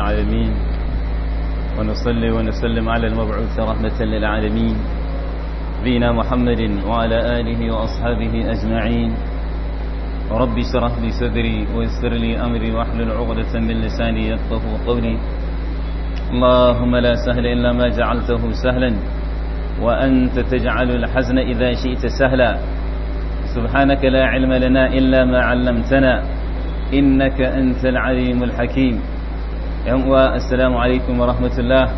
العالمين ونصلي ونسلم على المبعوث رحمة للعالمين بينا محمد وعلى آله وأصحابه أجمعين رب اشرح لي صدري ويسر لي أمري واحلل عقدة من لساني يفقه قولي اللهم لا سهل إلا ما جعلته سهلا وأنت تجعل الحزن إذا شئت سهلا سبحانك لا علم لنا إلا ما علمتنا إنك أنت العليم الحكيم yan uwa assalamu alaikum wa rahmatullah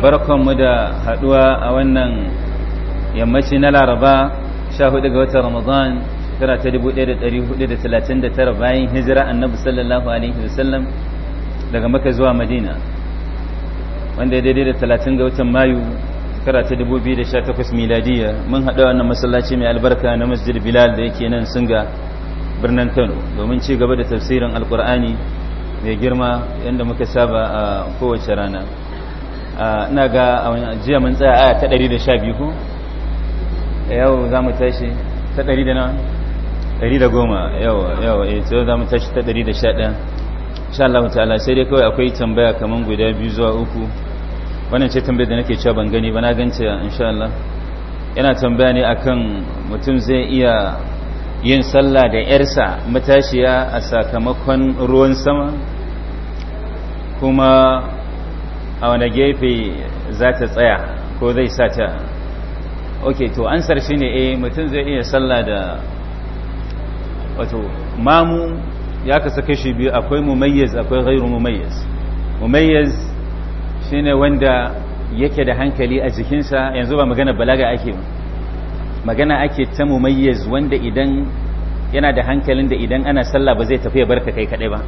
barkanmu da haduwa a wannan yammaci na laraba 14 ga watan ramadan shekara ta 1439 bayan hijira annabi sallallahu alaihi wasallam daga maka zuwa madina wanda ya daidai da 30 ga watan mayu shekara ta 2018 miladiya mun haɗa wannan masallaci mai albarka na masjid bilal da yake nan singa birnin kano domin ci gaba da tafsirin alkur'ani mai girma yadda muka saba a kowace rana ina ga jiya mun tsaya aya ta 112 ko yau za mu tashi ta ɗari da nawa 110 yau yau eh to za mu tashi ta 111 insha Allah ta'ala sai dai kawai akwai tambaya kaman guda biyu zuwa uku wannan ce tambayar da nake cewa ban gani ba na gance insha Allah yana tambaya ne akan mutum zai iya yin sallah da yarsa matashiya a sakamakon ruwan sama kuma a wani gefe za ta tsaya ko zai sa ta ok to ansar shi ne eh mutum zai iya sallah da wato mamu ya kasa kashi biyu akwai mumayyiz akwai ghairu mumayyiz shi ne wanda yake da hankali a jikinsa yanzu ba magana balaga ake magana ake ta mumayyiz wanda idan yana da hankalin da idan ana sallah ba zai tafi ya barka kai kadai ba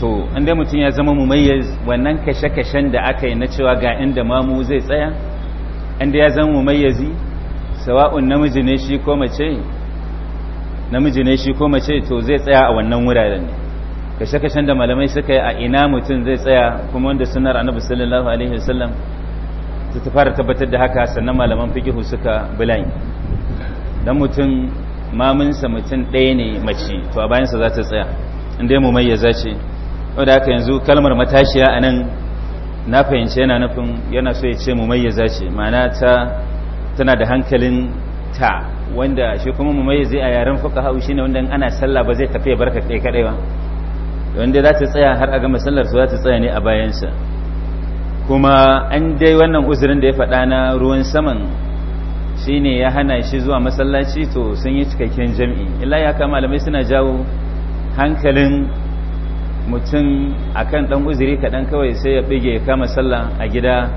to inda mutum ya zama mumayyiz wannan kashe-kashen da aka yi na cewa ga inda mamu zai tsaya inda ya zama mumayyazi sawa'un namiji ne shi ko mace namiji ne shi ko mace to zai tsaya a wannan wuraren ne kashe-kashen da malamai suka yi a ina mutum zai tsaya kuma wanda sunar annabi sallallahu alaihi wasallam ta fara tabbatar da haka sannan malaman fikihu suka bilayi dan mutum maminsa mutum ɗaya ne mace to a bayansa za ta tsaya inda ya mumayyaza ce wadda haka yanzu kalmar matashiya a nan na fahimci yana nufin yana so ya ce mu yaza ce ma'ana ta tana da hankalin ta wanda shi kuma yaza a yaren fuka hau shi ne wanda ana sallah ba zai tafi ya barka kai kadai ba wanda za ta tsaya har a gama sallar su za ta tsaya ne a bayansa kuma an dai wannan uzurin da ya faɗa na ruwan saman ne ya hana shi zuwa masallaci to sun yi cikakken jam'i illa ya kama malamai suna jawo hankalin mutum akan dan uzuri kaɗan kawai sai ya ɓige kama sallah a gida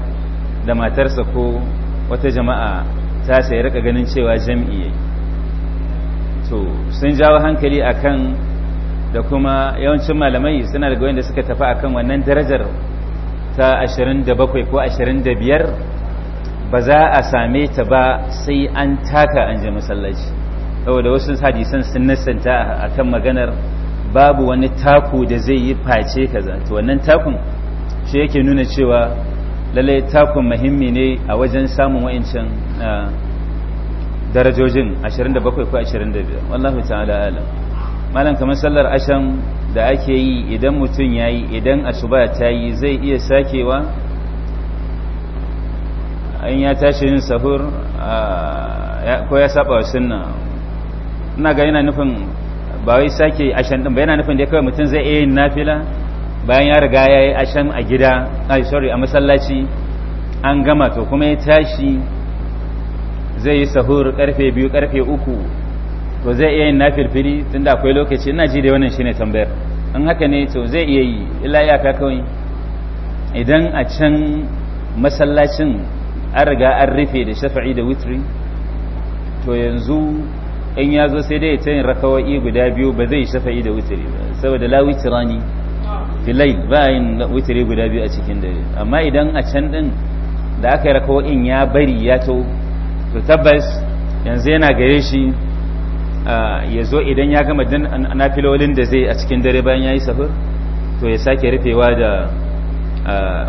da matarsa ko wata jama'a ta sai rika ganin cewa jam'i to sun jawo hankali akan da kuma yawancin malamai suna daga da suka tafi kan wannan darajar ta 27 ko 25 ba za a same ta ba sai an taka an je masallaci saboda wasu hadisan sun nasanta a kan maganar babu wani taku da zai yi face ka to wannan takun shi yake nuna cewa lallai takun muhimmi ne a wajen samun wa'incin darajojin 27 ko 25 wallahu ta'ala alam malam kamar sallar ashan da ake yi idan mutum ya yi idan asuba ta yi zai iya sakewa in ya tashi yin sahur ko ya saba wa sunna ina ga yana nufin ba wai sake ashan din ba yana nufin da kawai mutum zai iya yin nafila bayan ya riga ya yi ashan a gida ai sorry a masallaci an gama to kuma ya tashi zai yi sahur karfe biyu karfe uku to zai iya yin tun tunda akwai lokaci ina ji da wannan shine tambayar in haka ne to zai iya yi illa ka kawai idan a can masallacin an riga an rufe da shafa'i da witri to yanzu in ya zo sai dai ta tayin rakawa'i guda biyu ba zai shafa da wutiri ba saboda la ne filai ba yin wutiri guda biyu a cikin dare amma idan a can din da aka yi rakawa'in ya bari ya to to tabbas yanzu yana gare shi ya zo idan ya gama din nafilolin da zai a cikin dare bayan ya yi safar to ya sake rufewa da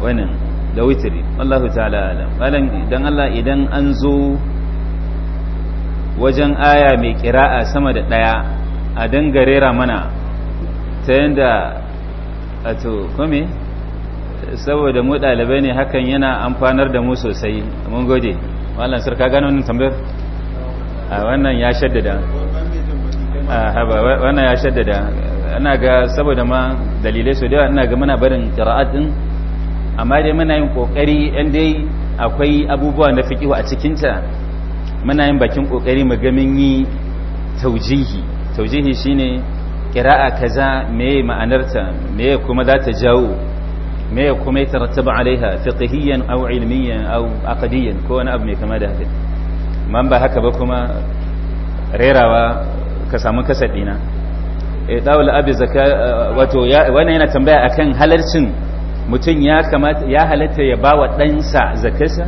wannan da wutiri wallahu ta'ala alam idan Allah idan an zo wajen aya mai kira'a sama da ɗaya a dangarera mana ta yadda a to kome saboda mu ɗalibai ne hakan yana amfanar da mu sosai mun gode wannan sarka gano wannan tambayar a wannan ya shaddada a haba wannan ya shaddada ana ga saboda ma dalilai so da ana ga mana barin kira'at din amma dai muna yin kokari yan dai akwai abubuwa na fiƙiwa a cikinta muna yin bakin kokari mu ga mun yi taujihi taujihi shine qira'a kaza meye ma'anarta meye kuma za ta jawo meye kuma ya tarattaba alaiha fiqhiyan aw ilmiyan aw aqdiyan ko wani abu mai kama da haka man ba haka ba kuma rerawa ka samu kasad dina eh dawul abi zaka eh, wato wani yana tambaya akan halarcin mutum ya kamata ya halatta ya bawa ɗansa zakasa.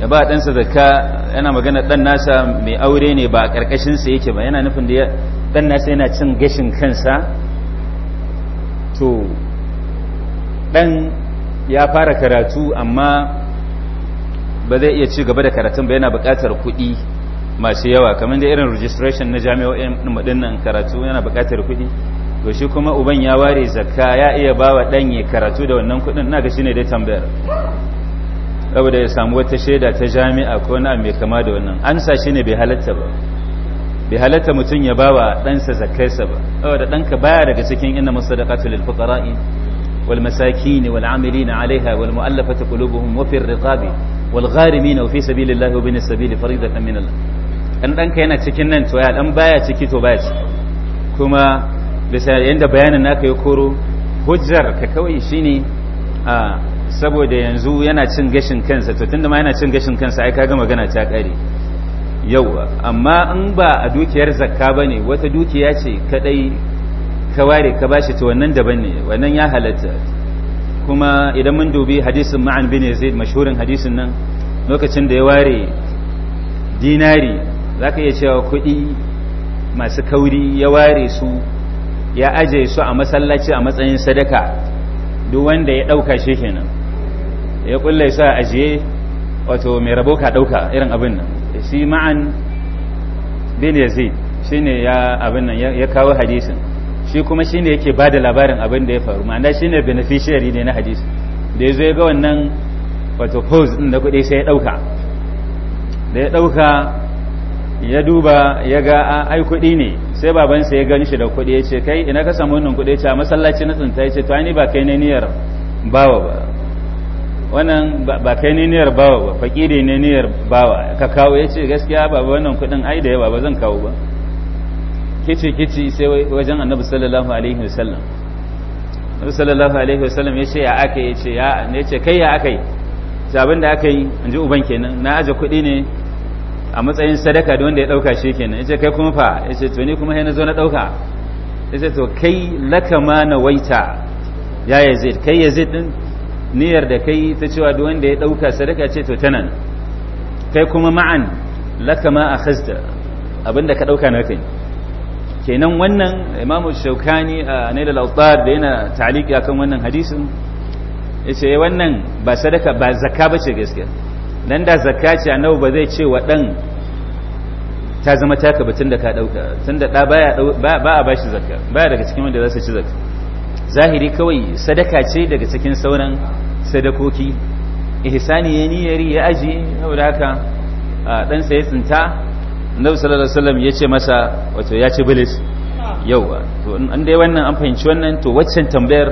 ya ba ɗansa zakka yana magana ɗan nasa mai aure ne ba ƙarƙashinsa yake ba yana nufin da ɗan nasa yana cin gashin kansa to ɗan ya fara karatu amma ba zai iya ci gaba da karatun ba yana buƙatar kuɗi masu yawa kamar da irin registration na jami'o'in maɗinnan karatu yana buƙatar kuɗi to shi kuma uban ya ware zakka ya iya ba wa ɗan ya karatu da wannan kuɗin na ga shi ne dai tambayar saboda ya samu wata shaida ta jami'a ko wani mai kama da wannan amsa shi ne bai halatta ba bai halatta mutum ya ba wa ɗansa zakarsa ba saboda ɗanka baya daga cikin inna masadaqatu lil fuqara'i wal ne wal na 'alayha wal mu'allafati qulubuhum wa fi riqabi wal gharimin wa fi sabilillahi wa bin sabili faridatan min Allah an ɗanka yana cikin nan to ya dan baya ciki to baya ciki kuma bisa yadda bayanin naka ya koro hujjar ka kawai shine a ah, saboda yanzu yana cin gashin kansa to tunda ma yana cin gashin kansa ai kaga magana ta kare yau amma in ba a dukiyar zakka bane wata dukiya ce kadai ka ware ka bashi to wannan daban ne wannan ya halatta kuma idan mun dubi hadisin ma'an bin yazid mashhurin hadisin nan lokacin da ya ware dinari zaka iya cewa kuɗi masu kauri ya ware su ya aje su a masallaci a matsayin sadaka duk wanda ya ɗauka shi kenan ya kulle sa ajiye wato mai rabo ka dauka irin abin nan shi ma'an bin yazid shine ya abin nan ya kawo hadisin shi kuma shine yake bada labarin abin da ya faru ma'ana shine beneficiary ne na hadisin da yazo ya ga wannan wato pose din da kudi sai ya dauka da ya dauka ya duba ya ga ai kudi ne sai babansa ya gani shi da kudi ya ce kai ina ka samu wannan kudi ya ce a masallaci na tsinta ya ce to ni ba kai ne niyyar bawa ba wannan ba kai ne niyyar bawa ba fakiri ne niyyar bawa ka kawo ya ce gaskiya ba wannan kudin ai da yawa ba zan kawo ba kici kici sai wajen annabi sallallahu alaihi wasallam annabi sallallahu alaihi wasallam ya ce ya aka ya ce ya ne ce kai ya akai ta abin da aka in ji uban kenan na aje kuɗi ne a matsayin sadaka da wanda ya ɗauka shi kenan ya ce kai kuma fa ya ce to ni kuma na zo na ɗauka ya ce to kai lakama na waita ya yazid kai yazid din niyyar da kai ta cewa duk wanda ya dauka sadaka ce to tana kai kuma ma'an lakama ma akhazta abinda ka dauka na kai kenan wannan imamu shaukani a nail al-awtar da yana ta'aliki akan wannan hadisin yace eh, wannan ba sadaka ba zakka bace gaskiya dan da zakka ce annabi ba zai ce wa dan ta zama taka batun da ka dauka tunda da baya ba a bashi zakka baya daga cikin wanda za su ci zakka zahiri kawai sadaka ce daga cikin sauran sadakoki ihsani ya niyari ya aji saboda haka dan sai tsinta annabi sallallahu alaihi wasallam yace masa wato ya ci bilis yauwa to an dai wannan an fahimci wannan to waccan tambayar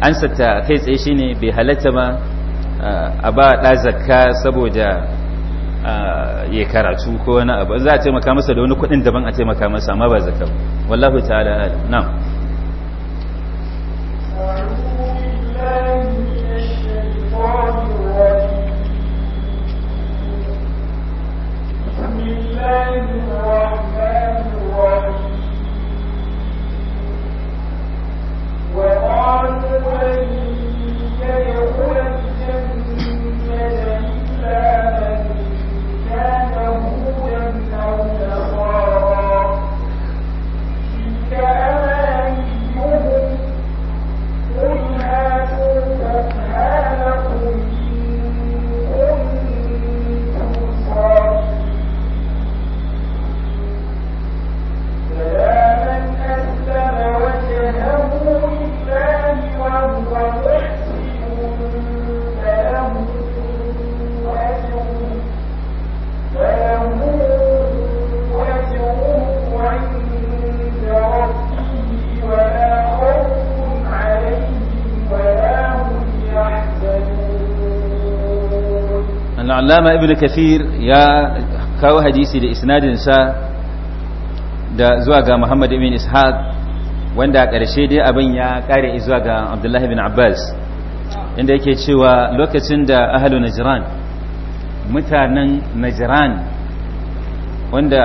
ansa ta kai tsaye shine bai halatta ba a ba da zakka saboda ya karatu ko wani abu za a taimaka masa da wani kuɗin daban a taimaka masa amma ba zakka wallahu ta'ala na'am وقالوا al'allama ibn ya kawo hadisi da isnadinsa da zuwa ga muhammad ibn ishaq wanda a ƙarshe dai abin ya ƙare zuwa ga abdullahi ibn abbas inda yake cewa lokacin da ahalu najran mutanen najran wanda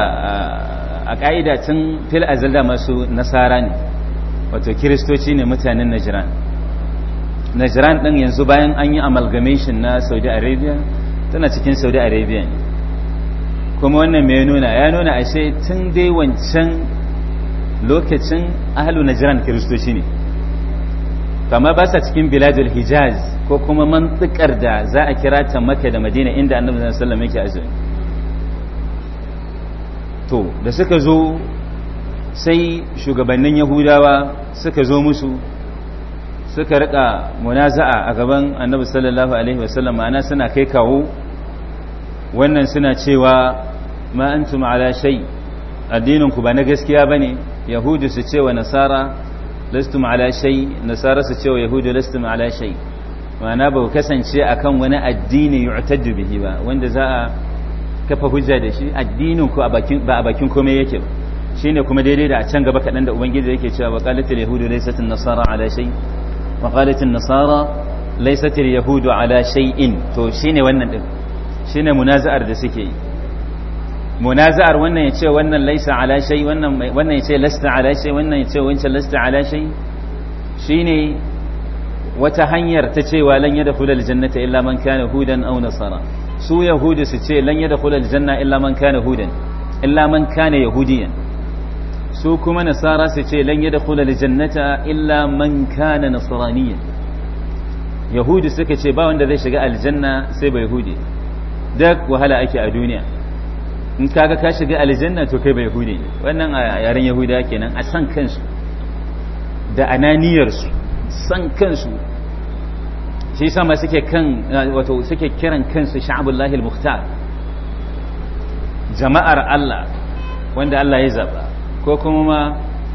a ƙa'ida tun fil azalda masu nasara ne wato kiristoci ne mutanen najran najran ɗin yanzu bayan an yi amalgamation na saudi arabia tana cikin saudi arabia kuma wannan mai nuna ya nuna ashe tun dai wancan lokacin ahalu na jiran kiristoci ne kama ba sa cikin biladul hijaz ko kuma mantsikar da za a kira ta maka da madina inda annabi zan sallam yake azumi to da suka zo sai shugabannin yahudawa suka zo musu suka rika munaza'a a gaban annabi sallallahu alaihi wasallam ma'ana suna kai kawo wannan suna cewa ma antum ala shay addininku ba na gaskiya ba ne yahudu su cewa nasara lastum ala shay nasara su cewa yahudu lastum ala shay ma'ana ba kasance akan wani addini yu'taddu bihi ba wanda za a kafa hujja da shi addinin ku ba a bakin komai yake ba shi ne kuma daidai da a can gaba kaɗan da ubangiji yake cewa wa qalatil yahudu laysat an-nasara ala shay wa qalatil nasara laysat al-yahudu ala shay'in to shi ne wannan din Shi ne munaza'ar da suke yi munaza'ar wannan ya ce wannan laisa ala shay wannan ya ce lasta ala shay wannan ya ce wancan lasta ala shay shine wata hanyar ta cewa kula da jannata illa man kana hudan au nasara su yahudu su ce lan da janna illa man kana hudan illa man kana yahudiyan su kuma nasara su ce lan da jannata illa man kana nasraniyan yahudu suka ce ba wanda zai shiga aljanna sai ba yahudi duk wahala ake a duniya in kaga ka shiga aljanna to kai bai hudu ne wannan a yaren yahuda kenan a san kansu da ananiyarsu san kansu shi sama suke kan wato suke kiran kansu sha'abullahi al jama'ar Allah wanda Allah ya zaba ko kuma ma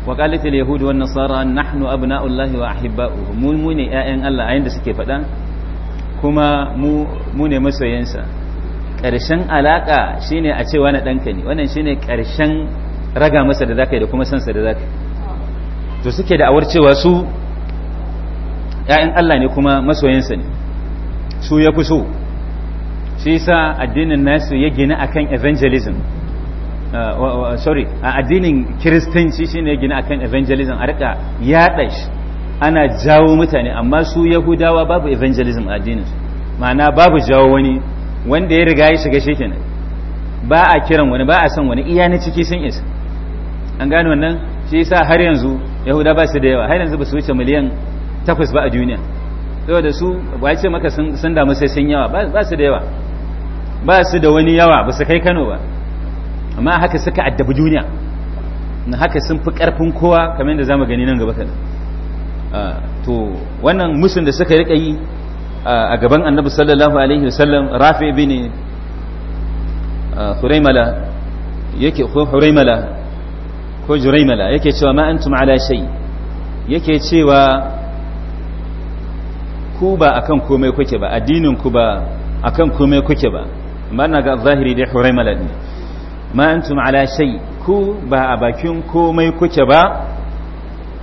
wa اليهود والنصارى نحن أبناء الله وأحباؤه mu ne ƴaƴan Allah a suke faɗa kuma mu mu ne masoyansa ƙarshen alaƙa shine a ce wani ɗanka ne wannan shine ƙarshen raga masa da zaka yi da kuma sansa da zaka yi to suke da awar cewa su ‘ya'yan Allah ne kuma masoyansa ne su ya fi so shi sa addinin nasu ya gina akan evangelism uh, uh, uh, sorry addinin kiristanci shine ya gina akan evangelism a rika yaɗa shi ana jawo mutane amma su yahudawa babu evangelism a addinin ma'ana babu jawo wani wanda ya riga ya shiga shi kenan ba a kiran wani ba a san wani iya na ciki sun isa an gane wannan shi yasa har yanzu yahuda ba su da yawa har yanzu ba su wuce miliyan takwas ba a duniya saboda su ba ce maka sun damu sai sun yawa ba su da yawa ba su da wani yawa ba su kai kano ba amma haka suka addabi duniya na haka sun fi karfin kowa kamar yadda zamu gani nan gaba kadan ah, to wannan musun da suka riƙa yi a gaban annabi sallallahu alaihi wasallam rafi bin huraimala yake ko huraimala ko juraimala yake cewa ma antum ala shay yake cewa ku ba akan komai kuke ba addinin ku ba akan komai kuke ba amma ina ga zahiri da huraimala ne ma antum ala shay ku ba a bakin komai kuke ba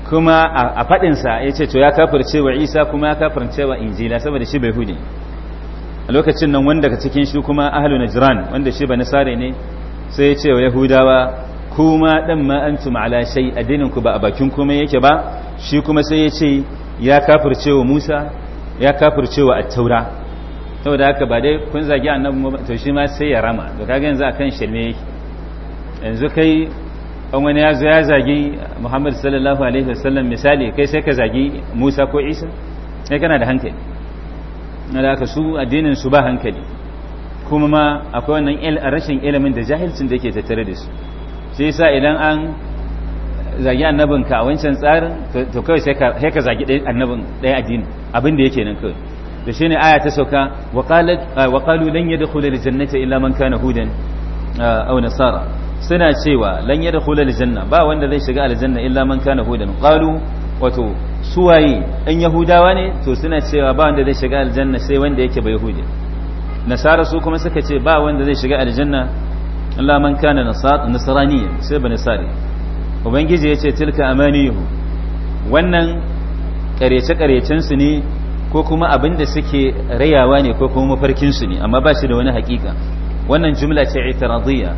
kuma a faɗinsa ya ce to ya kafirce wa isa kuma ya kafirce wa injila saboda shi bai hudi a lokacin nan wanda ka cikin shi kuma ahalu najran wanda shi ba na nasare ne sai ya ce wa yahudawa kuma ɗan ma'antum ala shai addinin ku ba a bakin kuma yake ba shi kuma sai ya ce ya kafirce wa musa ya kafirce wa attaura saboda haka ba dai kun zagi annabi to shi ma sai ya rama to kaga yanzu akan shirme yake yanzu kai an wani ya zo ya zagi muhammad sallallahu alaihi wasallam misali kai sai ka zagi musa ko isa sai kana da hankali na da aka su addinin su ba hankali kuma ma akwai wannan rashin ilimin da jahilcin da ke tattare da su shi sa idan an zagi annabin ka a wancan tsarin to kawai sai ka zagi ɗaya annabin ɗaya addini abin da yake nan kawai da shine aya ta sauka wa qalu lan yadkhulul jannata illa man kana hudan aw nasara suna cewa lan yadkhul aljanna ba wanda zai shiga aljanna illa man kana hudan qalu wato suwaye in yahudawa ne to suna cewa ba wanda zai shiga aljanna sai wanda yake bai yahudi nasara su kuma suka ce ba wanda zai shiga aljanna illa man kana nasrani sai ba nasari ubangiji yace tilka amaniyu wannan karyace karecen su ne ko kuma abin da suke rayawa ne ko kuma mafarkin su ne amma ba shi da wani hakika wannan jumla ce itiradiyya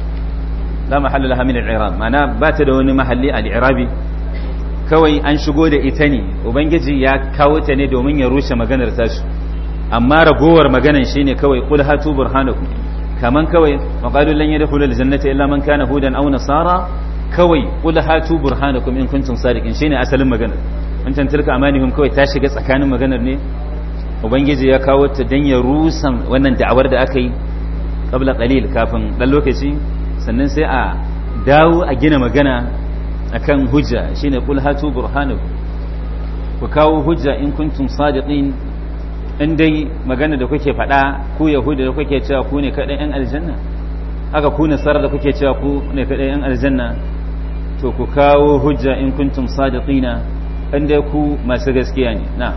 la mahalla laha min al-i'rab ma'ana ba ta da wani mahalli al-i'rabi kawai an shigo da ita ne ubangiji ya kawo ta ne domin ya rushe maganar tasu amma ragowar maganar shine kawai qul hatu burhanakum kaman kawai maqalu lan yadkhulu al-jannata illa man kana hudan aw nasara kawai qul hatu burhanakum in kuntum sadiqin shine asalin maganar wancan tilka amanihum kawai ta shiga tsakanin maganar ne ubangiji ya kawo ta dan ya rusa wannan da'awar da aka yi qabla qalil kafin dan lokaci sannan sai a dawo a gina magana akan hujja shine qul hatu burhanakum ku kawo hujja in kuntum sadiqin in dai magana da kuke faɗa ku yahuda da kuke cewa ku ne kaɗai yan aljanna haka ku nasara da kuke cewa ku ne kaɗai yan aljanna to ku kawo hujja in kuntum sadiqina in dai ku masu gaskiya ne na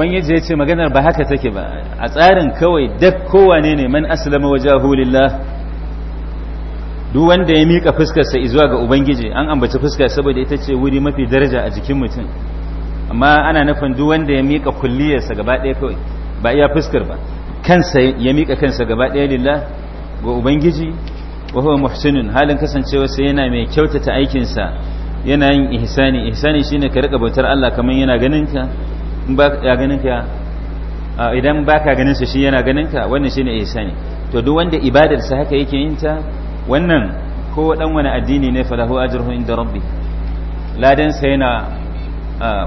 ubangiji ya ce maganar ba haka take ba a tsarin kawai dak kowane ne man aslama wajahu lillah duk wanda ya mika fuskarsa izuwa ga ubangiji an ambaci fuskar saboda ita ce wuri mafi daraja a jikin mutum amma ana nufin duk wanda ya mika kulliyarsa gaba ɗaya kawai ba iya fuskar ba kansa ya mika kansa gaba ɗaya lillah ga ubangiji wa huwa muhsinun halin kasancewa sai yana mai kyautata aikinsa yana yin ihsani ihsani shine ka rika bautar Allah kamar yana ganin ka ya ganin ka idan ba ka ganin sa shi yana ganin ka wannan shine ihsani to duk wanda ibadar sa haka yake yin ta wannan ko dan wani addini ne falahu ajruhu inda rabbi ladan sa yana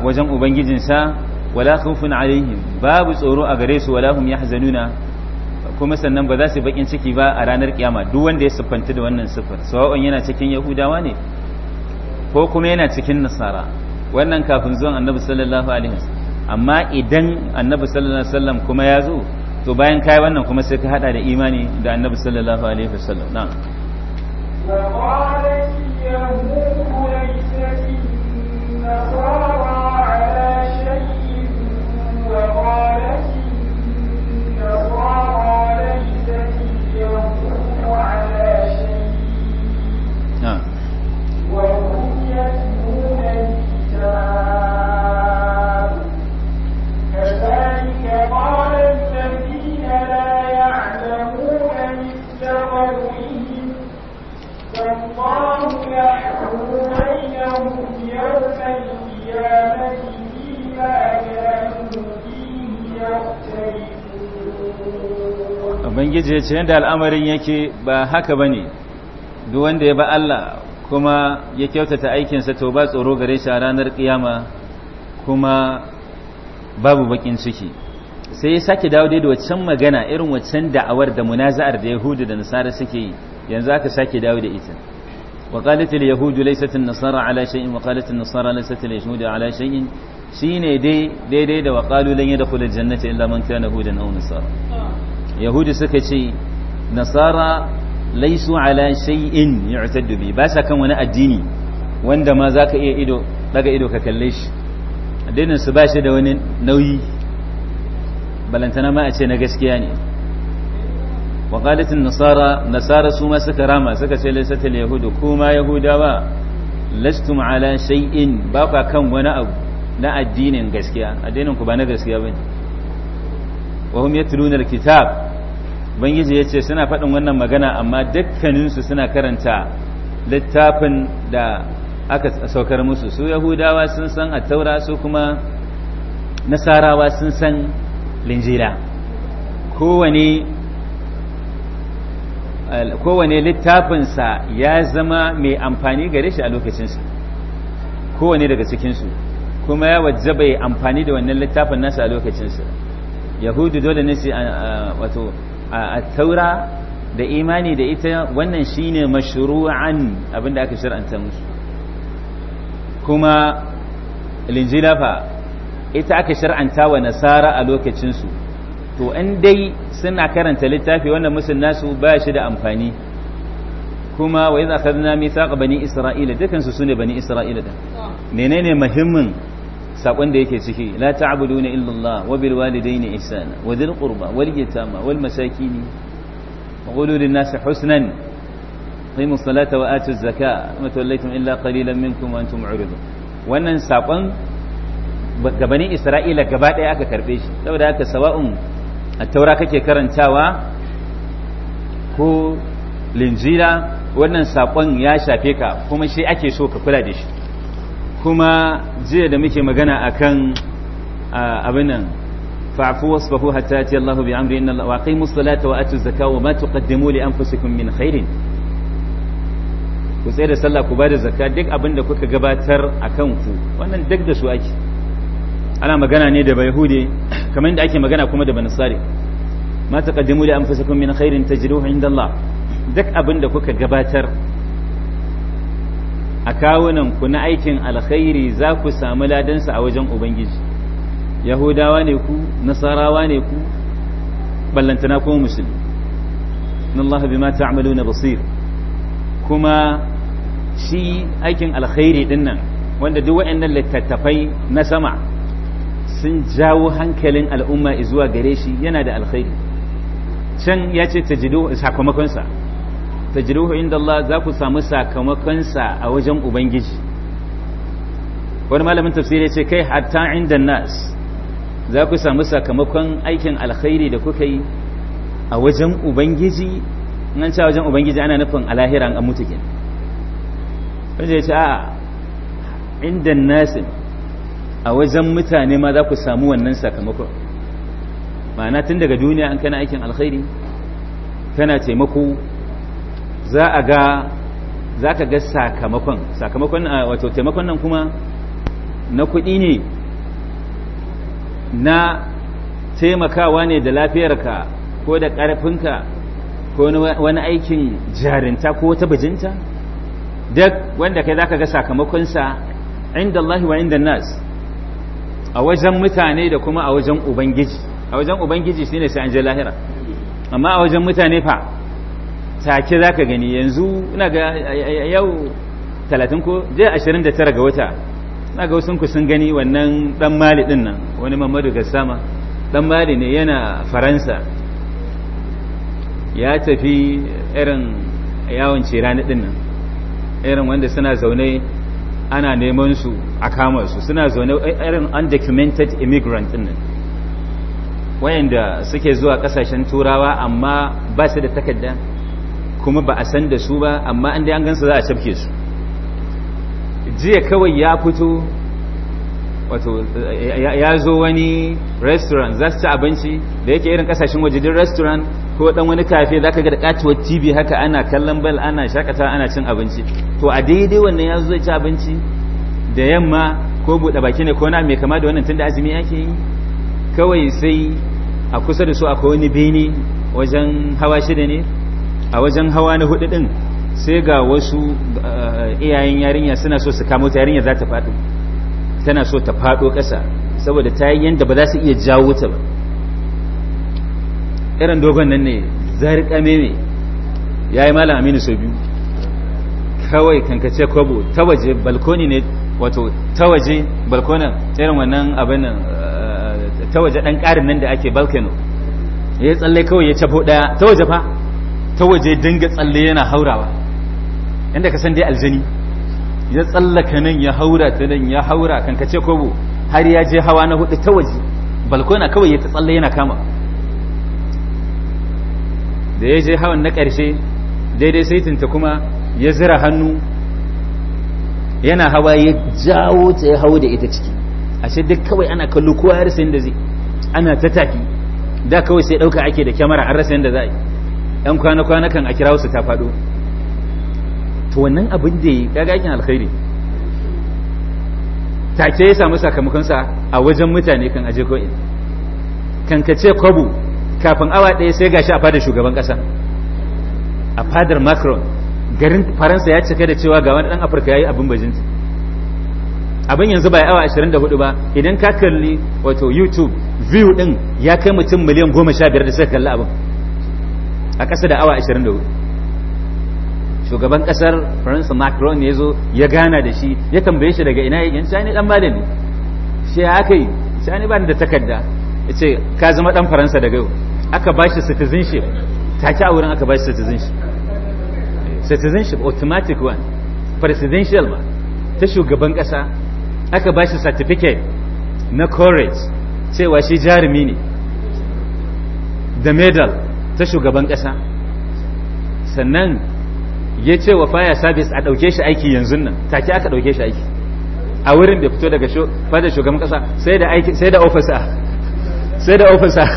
wajen ubangijin sa wala khawfun alaihim babu tsoro a gare su wala hum yahzanuna kuma sannan ba za su bakin ciki ba a ranar kiyama duk wanda ya siffanta da wannan siffar sawa'un yana cikin yahudawa ne ko kuma yana cikin nasara wannan kafin zuwan annabi sallallahu alaihi wasallam amma idan annabi sallallahu alaihi wasallam kuma ya zo to bayan kai wannan kuma sai ka hada da imani da annabi sallallahu alaihi wasallam na'am وقالت والله Ubangiji ya ce yadda al'amarin yake ba haka ba ne, duk wanda ya ba Allah kuma ya kyautata aikinsa to ba tsoro gare shi a ranar ƙiyama kuma babu bakin ciki sai ya sake dawo da waccan magana irin waccan da'awar da munaza'ar da yahudu da nasara suke yi yanzu aka sake dawo da ita وقالت اليهود ليست النصارى على شيء وقالت النصارى ليست اليهود على شيء شيني دي دي دي, دي وقالوا لن يدخل الجنة إلا من كان هودا أو نصارى يهود سكتشي نصارى ليسوا على شيء يعتد به باسا كان وانا الديني wanda ma za ka iya ido daga ido ka kalle shi addinin su ba shi da wani nauyi balantana ma a ce na gaskiya ne wa qalatin nasara nasara su ma suka rama suka ce laysatil yahudu kuma yahudawa lastum ala shay'in ba ka kan wani abu na addinin gaskiya addinin ku ba na gaskiya bane wa hum yatluna alkitab bangiji yace suna faɗin wannan magana amma dukkanin su suna karanta littafin da aka saukar musu su yahudawa sun san attaura su kuma nasarawa sun san linjila kowane kowane littafinsa ya zama mai amfani gare shi a lokacinsa kowane daga cikinsu kuma ya wajaba bai amfani da wannan littafin nasa a lokacinsa yahudu dole ne su wato a taura da imani da ita wannan shine mashru'an abinda aka shir'anta musu kuma linjila ita aka shir'anta wa nasara a lokacinsu to in dai suna karanta littafi wannan musul nasu ba shi da amfani kuma wa idza akhadna saƙa bani isra'ila dukan su ne bani isra'ila da menene muhimmin saƙon da yake ciki la ta'buduna illa Allah wa bil walidayni ihsana wa dhil qurba wal yatama wal masakin wa qulu lin nasi husnan qimu salata wa atu zakata wa tawallaytum illa qalilan minkum wa antum mu'ridun wannan saƙon ga bani isra'ila gaba ɗaya aka karbe shi saboda haka sawa'un a taura kake karantawa ko linjila wannan saƙon ya shafe ka kuma shi ake so ka kula da shi kuma jiya da muke magana akan abin nan fa'fu wasfahu hatta yati Allah bi amri inna wa aqimu salata wa atu zaka wa ma tuqaddimu li anfusikum min khairin ku tsaye da sallah ku ba da zaka duk abin da kuka gabatar a kanku wannan duk da su ake ana magana ne da bayhude kamar yadda ake magana kuma da banasare ma taqaddimu li anfusikum min khairin tajruhu inda Allah duk abin da kuka gabatar a kawunan ku na aikin alkhairi za ku samu ladansa a wajen ubangiji yahudawa ne ku nasarawa ne ku ballantana kuma musulmi inallahu bima ta'maluna basir kuma shi aikin alkhairi dinnan wanda duk waɗannan littattafai na sama sun jawo hankalin al'umma zuwa gare shi yana da alkhairi can ya ce sakamakonsa tajiruhu inda Allah za ku samu sakamakonsa a wajen ubangiji wani malamin tafsiri ce kai hatta inda nas za ku samu sakamakon aikin alkhairi da kuka yi a wajen ubangiji nan cewa wajen ubangiji ana nufin alahira an mutu kenan wanda ya ce a inda nasin a wajen mutane ma za ku samu wannan sakamakon ma'ana tun daga duniya an kana aikin alkhairi kana taimako za a ga za ka ga sakamakon sakamakon wato taimakon nan kuma na kuɗi ne na taimakawa ne da lafiyarka ko da ƙarfinka ko wani aikin jarinta ko wata bajinta duk wanda kai za ka ga sakamakonsa inda Allah wa inda nas a wajen mutane da kuma a wajen ubangiji a wajen ubangiji shine sai an je lahira amma a wajen mutane fa take za ka gani yanzu ina ga yau talatin ko je ashirin da ga wata na ga ku sun gani wannan dan mali din nan wani mamadu sama dan mali ne yana faransa ya tafi irin yawon cirani din nan irin wanda suna zaune ana neman su a kama su suna zaune eh, irin undocumented immigrant din nan wayanda suke zuwa kasashen turawa amma ba su da takarda kuma ba a san da su ba amma an dai an gansu za a cafke su jiya kawai ya fito wato ya zo wani restaurant za su ci abinci da yake irin kasashen waje din restaurant ko dan wani kafe zaka ga da katuwar TV haka ana kallon bal ana shakata ana cin abinci to a daidai wannan yanzu zai ci abinci da yamma ko bude baki ne ko na mai kama da wannan tunda azumi yake yi kawai sai a kusa da su akwai wani bene wajen hawa shida ne a wajen hawa na hudu din sai ga wasu eh, iyayen yarinya suna so su kamo yarinya za ta faɗo tana so ta faɗo ƙasa saboda ta yi yanda ba za su iya jawo ta ba irin dogon nan ne zari kame ne ya yi malam aminu sau biyu kawai kankace kwabo ta waje balkoni ne wato ta waje balkonin irin wannan abin eh, ta waje ɗan ƙarin nan da ake balkano ya yi tsalle kawai ya cafo ɗaya ta waje fa ta waje dinga tsalle yana haurawa inda ka san dai aljani ya tsallaka nan ya haura ta nan ya haura kankace kobo har ya je hawa na hudu ta waje balkona kawai ya ta tsalle yana kama da ya je hawan na ƙarshe daidai saitinta kuma ya zira hannu yana hawa ya jawo ta ya hau da ita ciki a shi duk kawai ana kallo kowa ya rasa yadda zai ana ta tafi da kawai sai ɗauka ake da kyamara an rasa yadda za a yi yan kwana-kwana kan a kira wasu ta faɗo to wannan abin da ya kaga aikin alkhairi take ya samu sakamakonsa a wajen mutane kan aje ko'in kan ka ce kwabo kafin awa ɗaya sai gashi a fadar shugaban ƙasa a fadar macron garin faransa ya cika da cewa ga wani ɗan afirka ya yi abin bajinta abin yanzu ba awa 24 ba idan ka kalli wato youtube view ɗin ya kai mutum miliyan 15 da suka kalli abin a ƙasa da awa 24 shugaban ƙasar faransa macron ya zo ya gana da shi ya tambaye shi daga ina yanzu shani ɗan malami shi ya haka yi shani ba da takarda ya ce ka zama ɗan faransa daga yau aka ba shi citizenship ci a wurin aka ba shi citizenship citizenship automatic one presidential ma ta shugaban kasa aka ba shi certificate na courage cewa shi jarumi ne da medal ta shugaban kasa sannan ya ce wa fire service a ɗauke shi aiki yanzu nan take aka ɗauke shi aiki a wurin da fito daga fadar shugaban kasa sai da ofisa sai da ofisa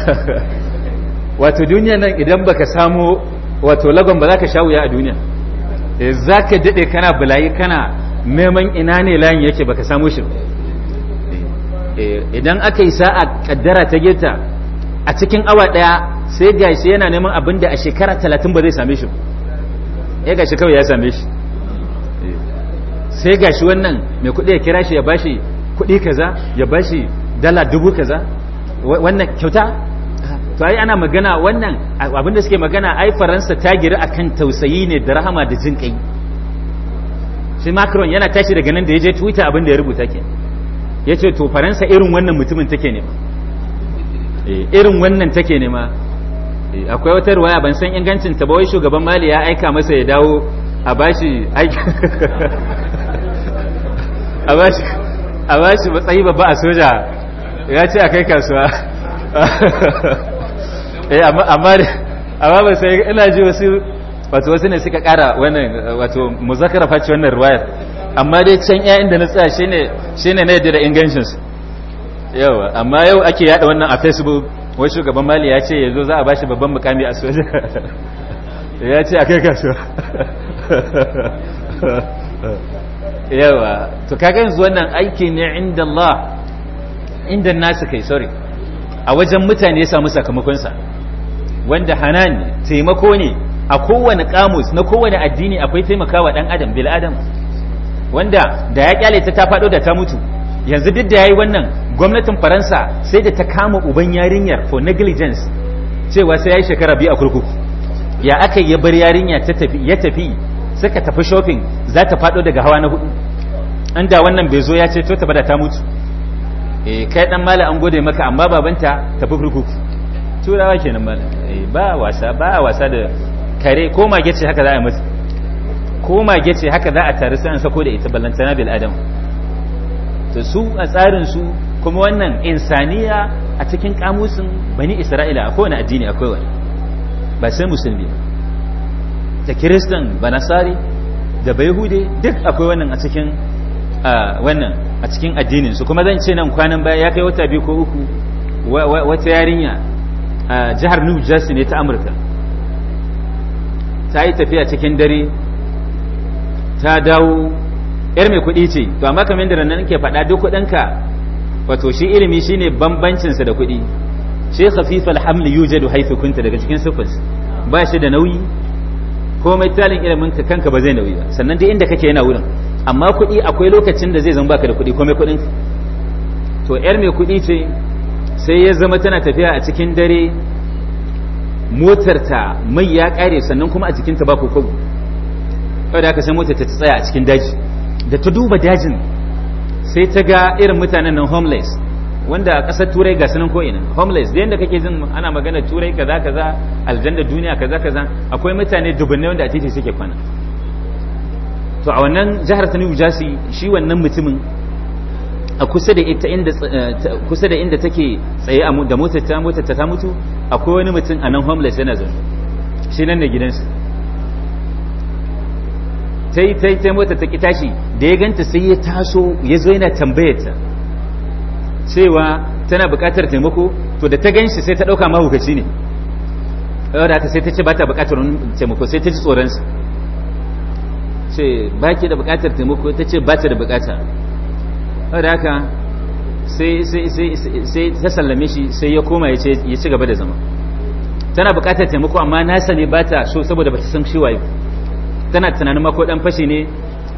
wato duniya nan idan baka samu wato lagon ba za ka sha wuya a duniya eh, za ka daɗe kana bulayi kana neman ina ne layin yake baka samu shi eh, eh, idan aka yi sa'a kaddara ta geta a cikin awa ɗaya sai gashi yana neman abin da a shekara talatin ba zai same shi ya gashi kawai ya same shi sai gashi wannan mai kuɗi ya kira shi ya bashi kuɗi kaza ya bashi dala dubu kaza wannan kyauta to ai ana magana wannan abin da suke magana ai faransa ta giri akan tausayi ne da rahama da jin kai shi macron yana tashi daga nan da ya je twitter abin da ya rubuta ke ya ce to faransa irin wannan mutumin take ma eh, irin wannan take ma eh, akwai wata ruwaya ban san ingancin ta ba wai shugaban mali ya aika masa ya dawo a bashi a bashi a bashi matsayi babba a soja ya ce a kai kasuwa eh amma amma ba sai ina ji wasu wato wasu ne suka kara wannan wato muzakara faci wannan riwayar amma dai can ya inda na tsaya shine shine na da ingancin su yawa amma yau ake yada wannan a facebook wai shugaban mali ya ce yazo za a bashi babban mukami a soja ya ce a kai kasuwa yawa to kaga yanzu wannan aiki ne inda Allah inda nasu kai sorry a wajen mutane ya samu sakamakonsa wanda hanan taimako ne a kowane kamus na kowane addini akwai taimakawa dan adam bil adam wanda da ya kyale ta ta fado da ta mutu yanzu duk da ya yi wannan gwamnatin faransa sai da ta kama uban yarinyar for negligence cewa sai yayi shekara biyu a kurkuku ya aka ya bar yarinya ta tafi ya tafi suka tafi shopping za ta fado daga hawa na hudu an da wannan bai zo ya ce to ta bada ta mutu eh kai dan mala an gode maka amma babanta tafi kurkuku turawa kenan nan eh, ba wasa ba wasa da kare ko mage ce haka za a mutu ko mage ce haka za a tare sai an sako da ita ballantana bil adam to su a tsarin su kuma wannan insaniya a cikin kamusin bani isra'ila a kowane addini akwai wani ba sai musulmi da kiristan ba nasari da bai hude duk akwai wannan a cikin wannan a cikin addinin su kuma zan ce nan kwanan baya ya kai wata biyu ko uku wata yarinya Eh, jihar new jersey ne ta amurka ta yi tafiya cikin dare ta dawo yar mai kuɗi ce to amma kamar yadda nan ke faɗa duk kuɗinka wato shi ilimi shine bambancinsa da kuɗi shi khafif alhamli da haythu kunta daga cikin sufus ba shi da nauyi komai talin ilimin ka kanka ba zai nauyi ba sannan duk inda kake yana wurin amma kuɗi akwai lokacin da zai zama baka da kuɗi mai kudin to yar mai kuɗi ce sai ya zama tana tafiya a cikin dare motarta mai ya kare sannan kuma a jikinta ba kokobo kawai da aka sai motar ta tsaya a cikin daji da ta duba dajin sai ta ga irin mutanen nan homeless wanda a ƙasar turai ga sanan ko'ina homeless da yadda kake jin ana magana turai kaza kaza aljanda duniya kaza kaza akwai mutane dubanne wanda a titi suke kwana to a wannan jihar ta new jersey shi wannan mutumin a kusa da ita inda eh, kusa da inda take tsaye a da motar ta motar ta mutu akwai wani mutum a nan homeless yana zaune shi nan ne gidansa sai sai sai motar ta ki da ya ganta sai ya taso ya zo yana tambayar ta cewa tana buƙatar taimako to da ta ganshi sai ta ɗauka mahukaci ne da haka sai ta ce ba ta buƙatar taimako sai ta ji tsoronsa ce ba ki da buƙatar taimako ta ce ba ta da buƙata da haka sai ta sallame shi sai ya koma ya ci gaba da zama tana bukatar taimako amma nasa ne ba ta so saboda ba ta san shi waye tana tunanin ma dan fashi ne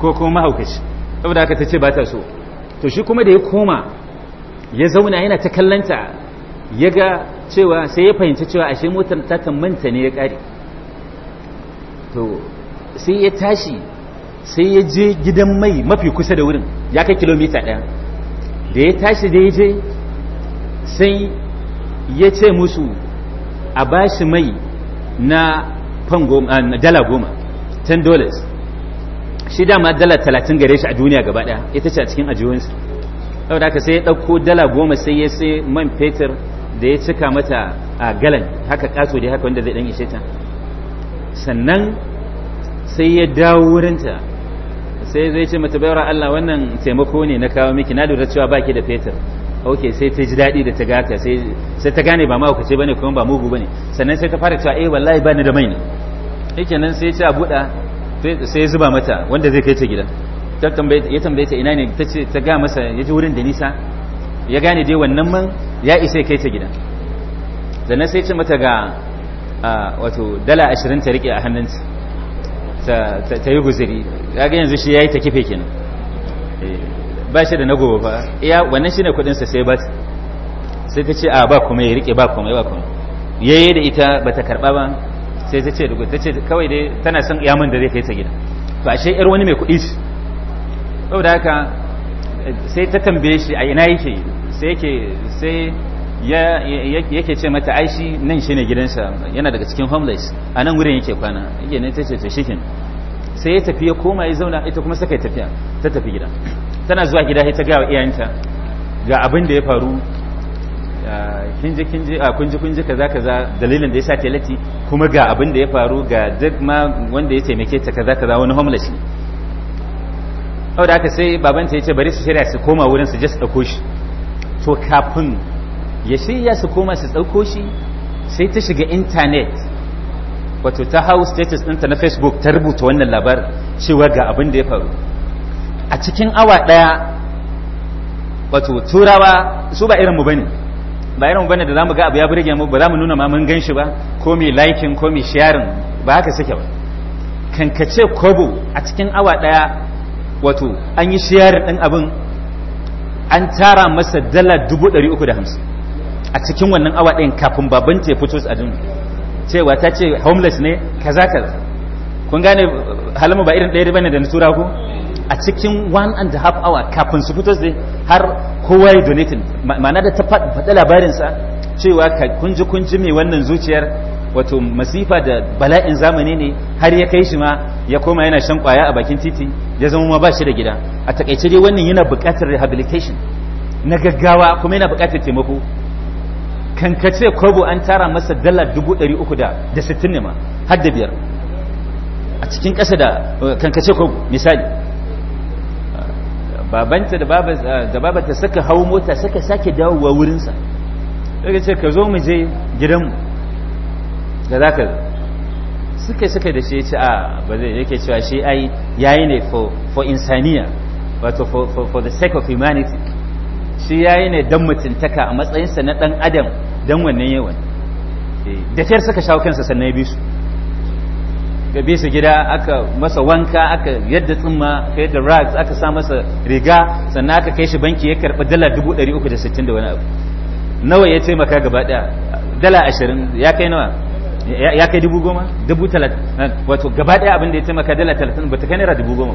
ko kuma mahaukaci saboda haka ta ce ba ta so to shi kuma da ya koma ya zauna yana ta kallanta ya ga cewa sai ya fahimci cewa ashe motar ta manta ne ya ƙare to sai ya tashi sai ya je gidan mai mafi kusa da wurin ya kai kilomita ɗaya da ya tashi da ya je sai ya ce musu a ba shi mai na dala goma 10 dollars shi dama dala talatin gare shi a duniya gaba ɗaya ita ce a cikin ajiyuwansa saboda haka sai ya ɗauko dala goma sai ya sai man fetur da ya cika mata a galan haka ƙato da haka wanda zai ɗan ishe ta sannan sai ya dawo wurinta sai zai ce mata bayar Allah wannan taimako ne na kawo miki na lura cewa baki da fetur ok sai ta ji daɗi da ta gata sai ta gane ba hukace ba ne kuma ba mugu ba ne sannan sai ta fara cewa eh wallahi ba ni da mai ne yake nan sai a buɗa sai zuba mata wanda zai kai ta gida ya tambaye ta ina ne ta ce ta ga masa ya ji wurin da nisa ya gane dai wannan man ya isa kai ta gida sannan sai ce mata ga wato dala ashirin ta riƙe a hannunta ta yi guziri kaga yanzu shi ya yi ta kife kenan eh, ba shi da na gobe ba ya wannan shine ne kudinsa sai ba sai ta ce a ba kuma ya rike ba kuma ya ba kuma Ya yi da ita ba ta karba ba sai ta ce da ta ce kawai dai tana son iyamin da zai kai ta gida to ashe yar wani mai kudi ce saboda haka eh, sai ta tambaye shi a ina yake sai yake sai yake ce mata aishi nan shine gidansa yana daga cikin homeless a nan wurin yake kwana yake ne ta ce to shikin sai ya tafi ya koma ya zauna ita kuma saka tafiya ta tafi gida tana zuwa gida ta gawa iyayenta ga abin da ya faru kinji kinji a kunji kunji kaza kaza dalilin da ya sa ta lati kuma ga abin da ya faru ga duk ma wanda ya taimake ta kaza kaza wani homeless ne da haka sai babanta ya ce bari su shirya su koma wurin su just a ɗauko to kafin ya shirya su koma su ɗauko shi sai ta shiga intanet wato ta hau status ɗinta na facebook ta rubuta wannan labar cewa ga abin da ya faru a cikin awa ɗaya wato turawa su ba irinmu ba ne ba irinmu ba ne da za mu ga abu ya burge mu ba za mu nuna ma mun gan shi ba ko mai liking ko mai sharing ba haka suke ba kankace kobo a cikin awa ɗaya wato an yi sharing ɗin abin an tara masa dala dubu ɗari uku da hamsin a cikin wannan awa ɗin kafin baban ta fito a duniya cewa ta ce homeless ne kaza kaza kun gane halimu ba irin ɗaya bane da na tura ku a cikin one and a half hour kafin su fito sai har kowa ya donating ma'ana da ta faɗi labarinsa cewa ka kunji kunji mai wannan zuciyar wato masifa da bala'in zamani ne har ya kai shi ma ya koma yana shan kwaya a bakin titi ya zama ma ba shi da gida a takaice dai wannan yana buƙatar rehabilitation na gaggawa kuma yana buƙatar taimako kankace kwabo an tara masa dala dubu ɗari uku da sittin ne ma har da biyar a cikin ƙasa da kankace kwabo misali babanta da babata saka hau mota saka sake dawowa wurinsa daga ce ka zo mu je gidanmu da za ka suka suka da shi ya ce a ah, ba zai yake cewa shi ai yayi ne for insaniya wato for the sake of humanity shi yi ne don mutuntaka a matsayinsa na ɗan adam dan wannan yawan eh, da kyar suka shawo kansa sannan ya bi su ga bi su gida aka masa wanka aka yadda tsumma aka yadda rags aka sa masa riga sannan aka kai shi banki ya karɓi dala 360 da wani abu nawa ya taimaka gaba ɗaya dala 20 ya kai nawa ya kai dubu goma dubu talatin eh, wato gaba ɗaya abin da ya taimaka dala talatin ba ta kai naira dubu goma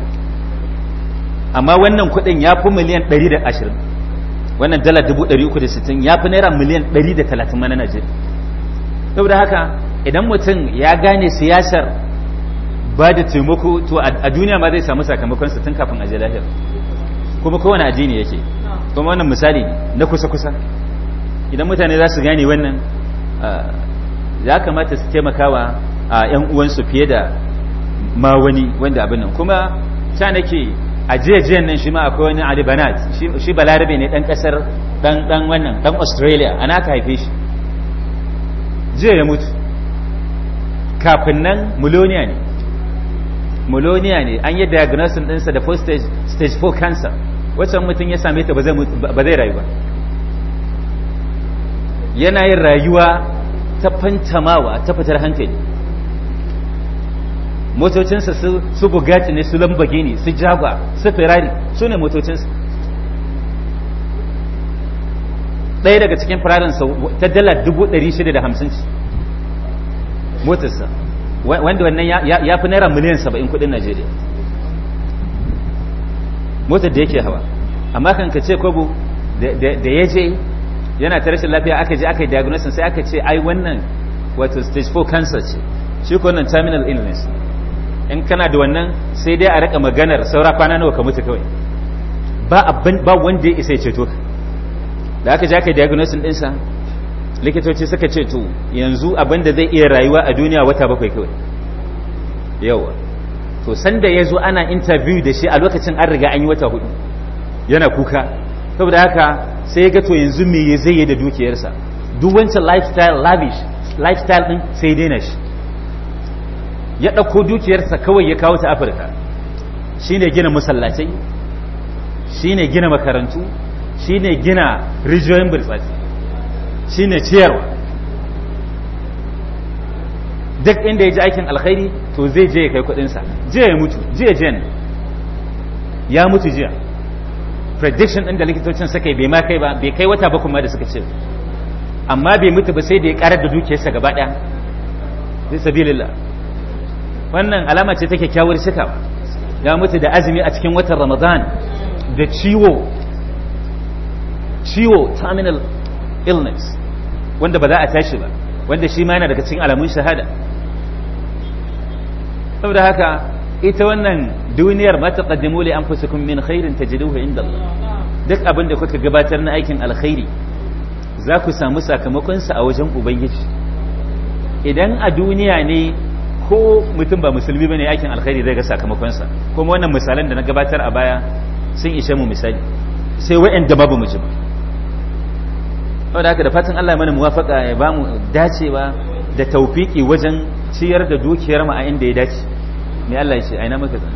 amma wannan kuɗin ya fi miliyan ashirin. wannan dala 360 ya fi naira miliyan 130 mana najeriya saboda haka idan mutum ya gane siyasar ba da taimako to a duniya ma zai samu sakamakon sittin tun kafin aje lahir kuma kowane addini yake kuma wannan misali na kusa-kusa idan mutane za su gane wannan ya kamata su taimakawa a 'yan uwansu fiye da ma wani wanda abin nan kuma ta nake a jejiyan nan shi ma akwai wani Ali Banat shi balarabe ne dan kasar dan dan wannan dan Australia ana ka haife shi jiya ya mutu kafin nan Mulonia ne Mulonia ne an yi diagnosis ɗinsa da first stage stage 4 cancer wacce mutum ya same ta ba zai rayu ba yana yin rayuwa ta fantamawa ta fitar hankali motocinsa su bugatti ne su lambagini su jaguar su ferrari su ne motocinsa ɗaya daga cikin fararinsa ta dala dubu shida da hamsin ce motarsa wanda wannan ya fi naira miliyan 70 kuɗin najeriya motar da yake hawa amma kan ka ce kwabo da ya je yana ta rashin lafiya aka je aka yi diagnosis sai aka ce ai wannan wato stage 4 cancer ce shi ko wannan terminal illness in kana da wannan sai dai a rika maganar saura kwana nawa ka mutu kawai ba abin ba wanda ya isa ya ceto ka da aka ja ka diagnosis sa likitoci suka ce to yanzu abin da zai iya rayuwa a duniya wata bakwai kawai yawa to san da zo ana interview da shi a lokacin an riga an yi wata hudu yana kuka saboda haka sai ya ga to yanzu me zai yi da dukiyarsa duk wancan lifestyle lavish lifestyle din sai dai na shi ya ɗauko dukiyarsa kawai ya kawo ta afirka shine gina shi shine gina makarantu shine gina rijiyoyin shi shine ciyarwa duk inda ya ji aikin alkhairi to zai je ya kai kudinsa jiya ya mutu jiya jiya ne ya mutu jiya prediction ɗin da likitocin suka yi bai ma kai ba bai kai wata ba kuma da suka ce amma bai mutu ba sai da ya karar da dukiyarsa gaba ɗaya sai sabilillah wannan alama ce ta kyakkyawar shika ya mutu da azumi a cikin watan ramadan da ciwo ciwo terminal illness wanda ba za a tashi ba wanda shi ma yana daga cikin alamun shahada saboda haka ita wannan duniyar ma taqaddimu li anfusikum min khairin tajiduhu inda Allah duk abin da kuka gabatar na aikin alkhairi za ku samu sakamakonsa a wajen ubangiji idan a duniya ne ko mutum ba musulmi bane aikin alkhairi zai ga sakamakon sakamakonsa kuma wannan misalan da na gabatar a baya sun ishe mu misali sai da babu mutum. ji aka haka da fatan Allah mana muwafaka ya ba mu dacewa da taufiki wajen ciyar da dukiyar mu a inda ya dace me Allah ya ce aina maka zan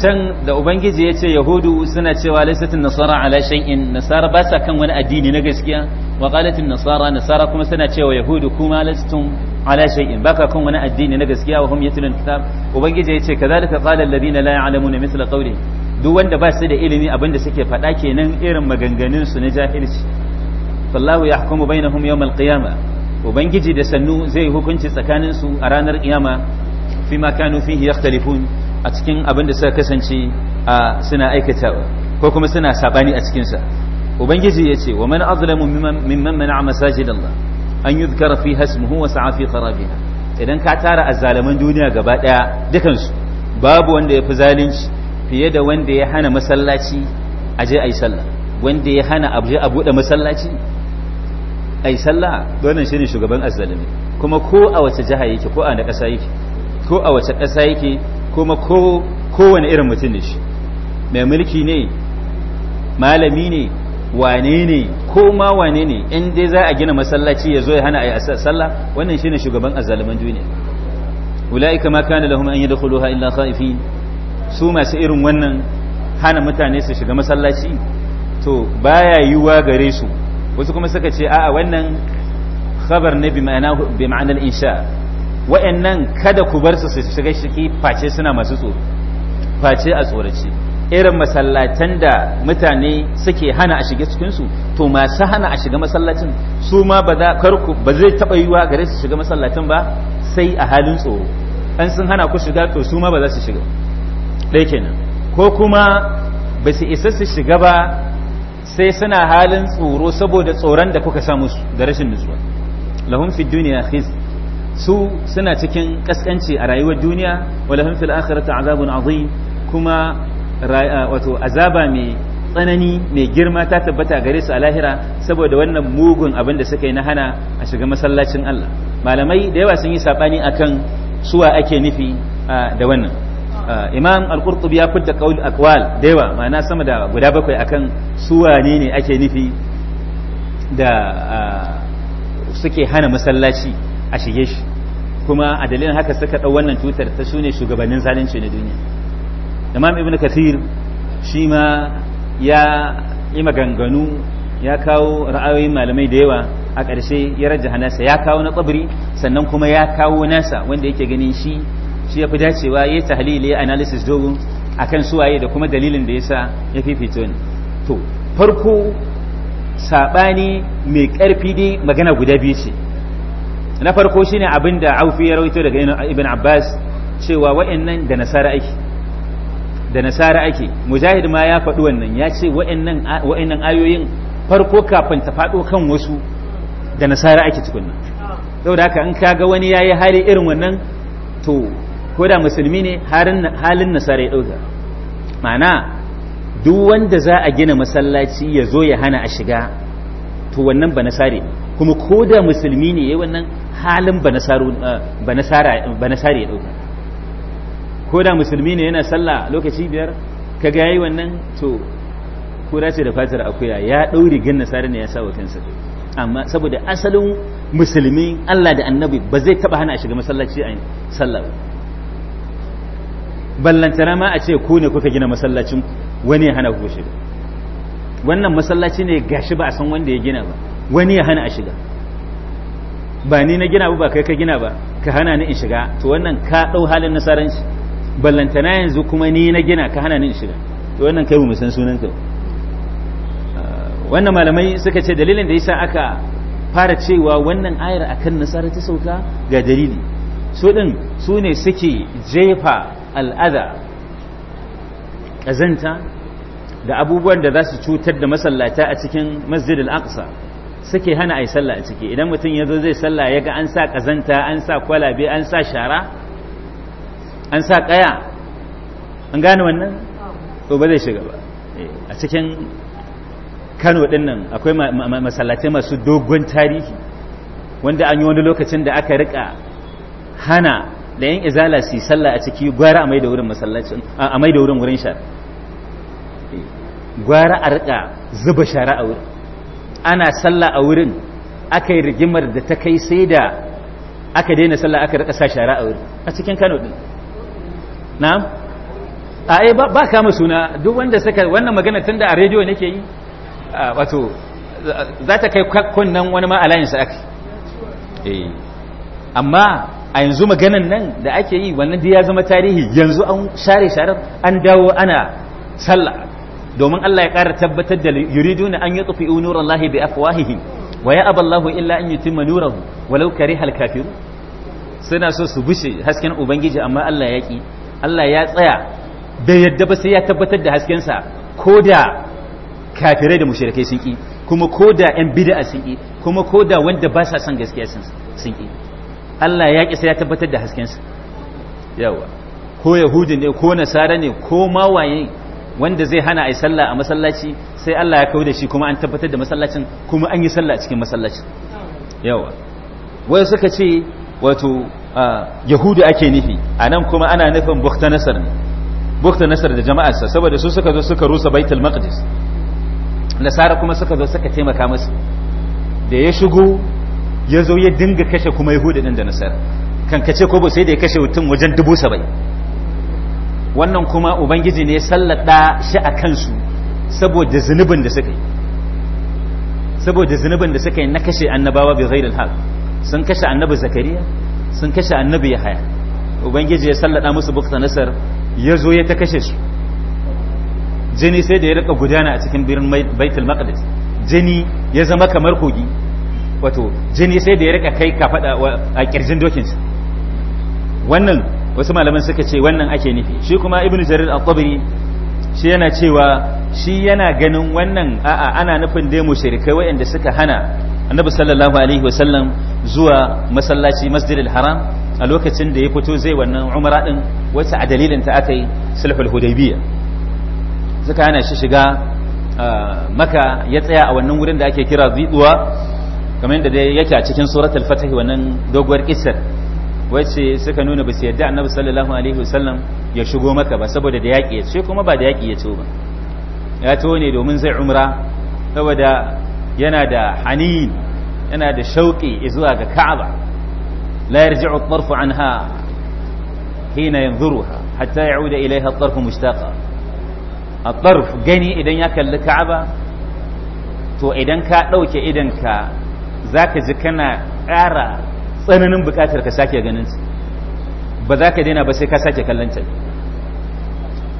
can da ubangiji ya ce yahudu suna cewa laisatin nasara ala shay'in nasara ba sa kan wani addini na gaskiya wa qalatin nasara nasara kuma suna cewa yahudu kuma laisatun ala shay'in baka kan wani addini na gaskiya wa hum yatlun kitab ubangiji ya ce kadhalika qala alladhina la ya'lamuna mithla qawli duk wanda ba su da ilimi abinda suke faɗa kenan irin maganganun su na jahilci fallahu yahkumu bainahum yawm alqiyama ubangiji da sannu zai hukunci tsakanin su a ranar kiyama fima kanu fihi yakhtalifun a cikin abin da suka kasance a suna aikatawa ko kuma suna sabani a cikinsa ubangiji ya ce wa man azlamu mimman a masajin Allah an yuzkara fi hasmuhu wasu sa'a fi kharabiha idan ka tara a zalaman duniya gaba daya dukansu babu wanda ya fi zalunci fiye da wanda ya hana masallaci a je sallah wanda ya hana abu a buɗe masallaci yi sallah wannan shine shugaban azzalimi kuma ko a wace jiha yake ko a na ƙasa yake ko a wace ƙasa yake kuma kowane irin mutum ne shi mai mulki ne malami ne wane ne ko ma wane ne in dai za a gina masallaci ya zo ya hana a yi sallah wannan shine shugaban azzaluman duniya ulaika kama kana lahum an yadkhuluha illa khaifin su masu irin wannan hana mutane su shiga masallaci to baya yiwuwa gare su wasu kuma suka ce a'a wannan khabar ne bi ma'anar insha wa'annan kada ku bar su su shiga shiki face suna masu tsoro face a tsorace irin masallatan da mutane suke hana a shiga su to masu hana a shiga masallacin su ma ba za karku ba zai taɓa yiwa gare su shiga masallacin ba sai a halin tsoro an sun hana ku shiga to su ma ba za su shiga dai kenan ko kuma ba su isa su shiga ba sai suna halin tsoro saboda tsoron da kuka sa musu da rashin nutsuwa lahum fi duniya khiz su suna cikin kaskanci a rayuwar duniya wala hum fil akhirati azabun azim kuma wato azaba mai tsanani mai girma ta tabbata gare su a lahira saboda wannan mugun abin da suka yi na hana a shiga masallacin Allah malamai da yawa sun yi sabani akan suwa ake nufi da wannan imam al-qurtubi ya fitta qaul aqwal da yawa ma'ana sama da guda bakwai akan suwa ne ne ake nufi da suke hana masallaci a shige shi kuma a dalilin haka suka ɗau wannan tutar ta su ne shugabannin zalunci na duniya imam ibn kathir shi ma ya yi maganganu ya kawo ra'ayoyin malamai da yawa a ƙarshe ya raja hanasa ya kawo na tsabiri sannan kuma ya kawo nasa wanda yake ganin shi shi ya fi dacewa ya yi tahlili ya analysis dogo kan suwaye da kuma dalilin da ya sa ya fifito ne to farko saɓani mai ƙarfi dai magana guda biyu ce na farko shine abin da aufi ya rawaito daga ibn abbas cewa wa'annan da nasara ake da nasara ake mujahid ma ya faɗi wannan ya ce wa'annan ayoyin farko kafin ta faɗo kan wasu da nasara ake nan saboda haka in kaga wani yayi hali irin wannan to ko da musulmi ne halin nasara ya ɗauka ma'ana duk wanda za a gina masallaci ya zo ya hana a shiga to wannan ba nasare kuma ko da musulmi ne ya wannan halin ba eh, nasara ya ɗauka ko da musulmi ne yana sallah lokaci biyar ka ga yi wannan to kura ce da fatar akuya ya ɗauri gan nasara ne ya sa wa kansa amma saboda asalin musulmi Allah da annabi ba zai taɓa hana a shiga masallaci a sallah ballantana ma a ce ku ne kuka gina masallacin wani ya hana ku shiga wannan masallaci ne gashi ba a san wanda ya gina ba wani ya hana a shiga ba ni na gina ba kai ka gina ba ka hana ni in shiga to wannan ka ɗau halin nasaranci ballantana yanzu kuma ni na gina ka hana ni in shiga to wannan kai mu san sunan ka ah, wannan malamai suka ce dalilin da yasa aka fara cewa wannan ayar akan nasara ta sauka ga dalili su din su ne suke jefa al'ada kazanta da abubuwan da za su cutar da masallata a cikin masjid al-aqsa suke hana a yi sallah a ciki idan mutum ya zo zai sallah ya ga an sa ƙazanta an sa kwalabe an sa shara an sa ƙaya an gane wannan to ba zai shiga ba eh, a cikin kano ɗin nan akwai masallatai masu dogon tarihi wanda an yi wani lokacin da aka rika hana da yan izala su yi sallah a ciki gwara a mai da wurin masallacin a mai da wurin wurin shara eh, gwara a rika zuba shara a wurin ana sallah a wurin aka yi rigimar da ta kai sai da aka daina sallah aka rika sa shara a wurin a cikin kano din na'am a eh, ba, ba kama suna duk wanda suka wannan magana tun da a rediyo nake yi wato za ta kai kunnan wani ma alayin sa aka eh amma a yanzu maganan nan da ake yi wannan da ya zama tarihi yanzu an share sharar an dawo ana sallah domin Allah ya ƙara tabbatar da yuriduna an yutfi'u nurallahi bi afwahihi wa ya aballahu illa an yutimma nurahu walau karihal kafir suna so su bushe hasken ubangiji amma Allah ya ki Allah ya tsaya da yadda ba sai ya tabbatar da hasken sa da kafirai da mushrikai sun ki kuma koda yan bid'a sun ki kuma da wanda ba sa son gaskiya sun ki Allah ya ki sai ya tabbatar da hasken sa yawa ko yahudi ne ko nasara ne ko mawaye wanda zai hana a yi sallah a masallaci sai Allah ya kawo da shi kuma an tabbatar da masallacin kuma an yi sallah cikin masallacin yawa wai suka ce wato yahudu ake nufi anan kuma ana nufin bukta nasar bukta nasar da jama'arsa saboda su suka zo suka rusa baitul maqdis nasara kuma suka zo suka taimaka masa da ya shigo ya zo ya dinga kashe kuma yahudu din da nasara kan kace ko sai da ya kashe mutum wajen dubu wannan kuma ubangiji ne sallada shi a kansu saboda zunubin da suka yi saboda zunubin da suka yi na kashe annabawa bi ghairil haq sun kashe annabi zakariya sun kashe annabi yahaya ubangiji ya sallada musu bukta nasar ya zo ya ta kashe su jini sai da ya rika gudana a cikin birnin baitul maqdis jini ya zama kamar kogi wato jini sai da ya rika kai ka fada a kirjin dokinsa wannan wasu malaman suka ce wannan ake nufi shi kuma ibnu jarir al-qabri shi yana cewa shi yana ganin wannan a'a ana nufin dai mushrikai waɗanda suka hana annabi sallallahu alaihi wasallam zuwa masallaci masjidil haram a lokacin da ya fito zai wannan umra din wacce a dalilin ta aka yi sulhul hudaybiya suka hana shi shiga maka ya tsaya a wannan wurin da ake kira ziduwa kamar yadda dai yake a cikin suratul fatih wannan doguwar kissar wacce suka nuna ba su yadda annabi sallallahu alaihi wasallam ya shigo maka ba saboda da yaƙi ya ce kuma ba da yaƙi ya ce ba ya to ne domin zai umra saboda yana da hanin yana da shauƙi zuwa ga ka'aba la yarji'u at-tarfu anha hina yanzuruha hatta ya'uda ilayha at-tarfu mushtaqa at-tarf gani idan ya kalli ka'aba to idan ka dauke idan ka zaka ji kana ƙara tsananin bukatar ka sake ganin su ba za ka daina ba sai ka sake kallon ta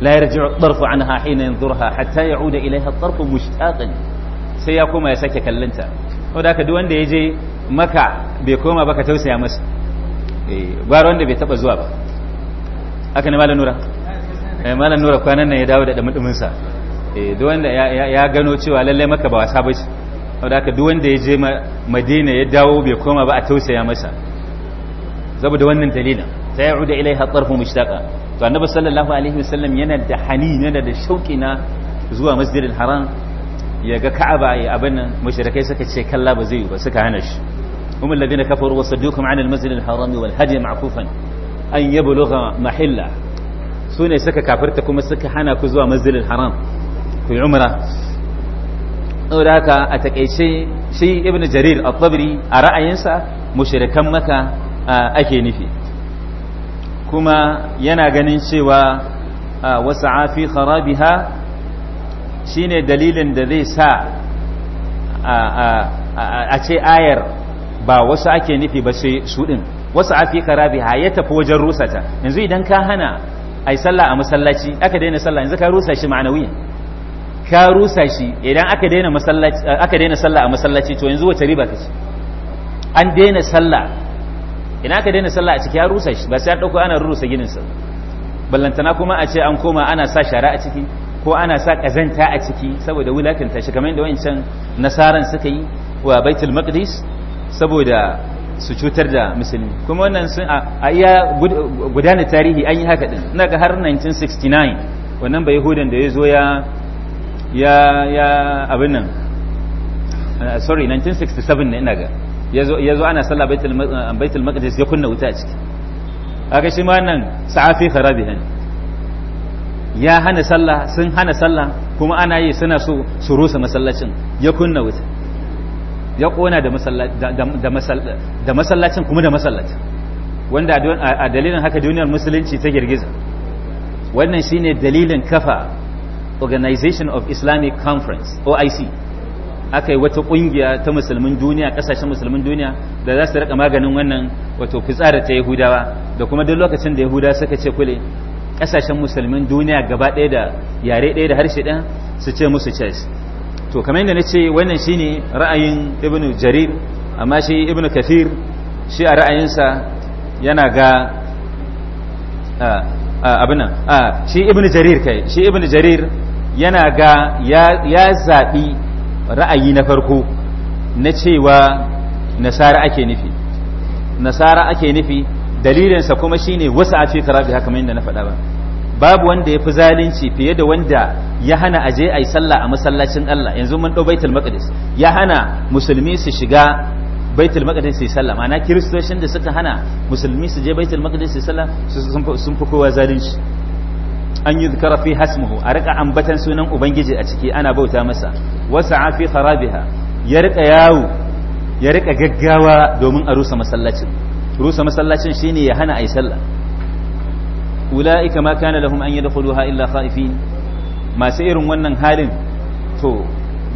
la yarji'u darfu anha hina yanzurha hatta ya ilai ilaiha tarfu mushtaqan sai ya koma ya sake kallon ta da haka duk wanda ya je maka bai koma ba ka tausaya masa eh, gwara wanda bai taɓa zuwa ba haka ne malam nura eh, malam nura kwanan nan ya dawo da dumudumin sa eh, duk wanda ya gano cewa lallai maka ba wasa bace saboda haka duk wanda ya je madina ya dawo bai koma ba a tausaya masa saboda wannan dalilin sai ya uda ilaiha tsarfu mushtaqa to annabi sallallahu alaihi wasallam yana da hani yana da shauki na zuwa masjidil haram ya ga ka'aba ya abin nan mushrikai suka ce kalla ba zai yi ba suka hana shi هم الذين كفروا وصدوكم عن المسجد Makufan an معكوفا أن يبلغ محلة سوني kuma كافرتكم hana حنا كزوا مسجد haram في عمره saboda haka a takaice shi Ibn jarir al tabri a ra'ayinsa mushrikan maka ake nufi kuma yana ganin cewa wasu afi kharabiha shine dalilin da zai sa a ce ayar ba wasu ake nufi ba sai su din wasu afi kharabiha ya tafi wajen rusata yanzu idan ka hana ai sallah a masallaci aka daina sallah yanzu ka rusa shi ma'anawiyin ka rusa shi idan aka daina masallaci aka daina sallah a masallaci to yanzu wace riba kace an daina sallah idan aka daina sallah a ciki ya rusa shi ba sai an dauko ana rusa ginin sa ballantana kuma a ce an koma ana sa shara a ciki ko ana sa kazanta a ciki saboda wulakanta shi kamar yadda wancan nasaran suka yi wa baitul maqdis saboda su cutar da musulmi kuma wannan sun a iya gudanar tarihi an yi haka din ina ga har 1969 wannan bai yahudan da ya zo ya ya ya abin nan ah, sorry 1967 ne ina ga ya zo ana sallah ah, baitul maqdis ya kunna wuta a ciki aka shi ma nan sa'afi kharabihan ya hana sallah sun hana sallah kuma ana yi suna so su rusa masallacin ya kunna wuta ya kona da masallacin kuma da masallacin wanda a dalilin haka duniyar musulunci ta girgiza wannan shine dalilin kafa organization of islamic conference oic aka yi wata kungiya ta musulmin duniya kasashen musulmin duniya da za su rika maganin wannan wato fitsara ta yahudawa da kuma duk lokacin da yahudawa suka ce kule kasashen musulmin duniya gaba ɗaya da yare ɗaya da harshe ɗaya su ce musu ces to kamar yadda na ce wannan shine ra'ayin ibnu jarir amma shi ibnu kafir shi a ra'ayinsa yana ga nan shi ibnu jarir kai shi ibnu jarir yana ga ya zaɓi ra'ayi na farko na cewa nasara ake nufi nasara ake nufi dalilinsa kuma shine wasu a cikin rabi haka da na faɗa ba babu wanda ya fi zalunci fiye da wanda ya hana a je a yi sallah a masallacin Allah yanzu mun ɗau baitul maƙadis ya hana musulmi su shiga baitul maƙadis su yi sallah ma'ana kiristoshin da suka hana musulmi su je baitul maƙadis su yi sallah sun fi kowa zalunci an yi zikara fi hasmuhu a rika ambatan sunan ubangiji a ciki ana bauta masa wasu fi harabiha ya rika yawo ya rika gaggawa domin a rusa masallacin rusa masallacin shine ya hana ai sallah ulaika ma kana lahum an yi yadkhuluha illa fa'ifi masu irin wannan halin to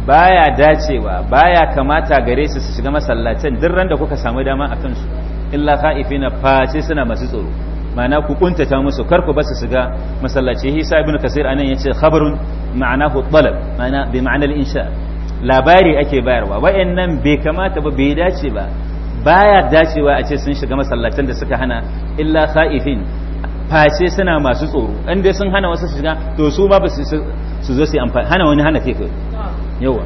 baya dacewa baya kamata gare su su shiga masallacin duk da kuka samu dama a kansu illa khaifina na face suna masu tsoro ma'ana ku kuntata musu kar ku basu su ga masallaci hisa ibn kasir anan yace khabarun ma'anahu talab ma'ana bi ma'anar insha labari ake bayarwa wa'annan bai kamata ba bai dace ba baya dacewa a ce sun shiga masallacin da suka hana illa khaifin face suna masu tsoro in dai sun hana wasu shiga to su ma ba su zo su amfani hana wani hana kai yawa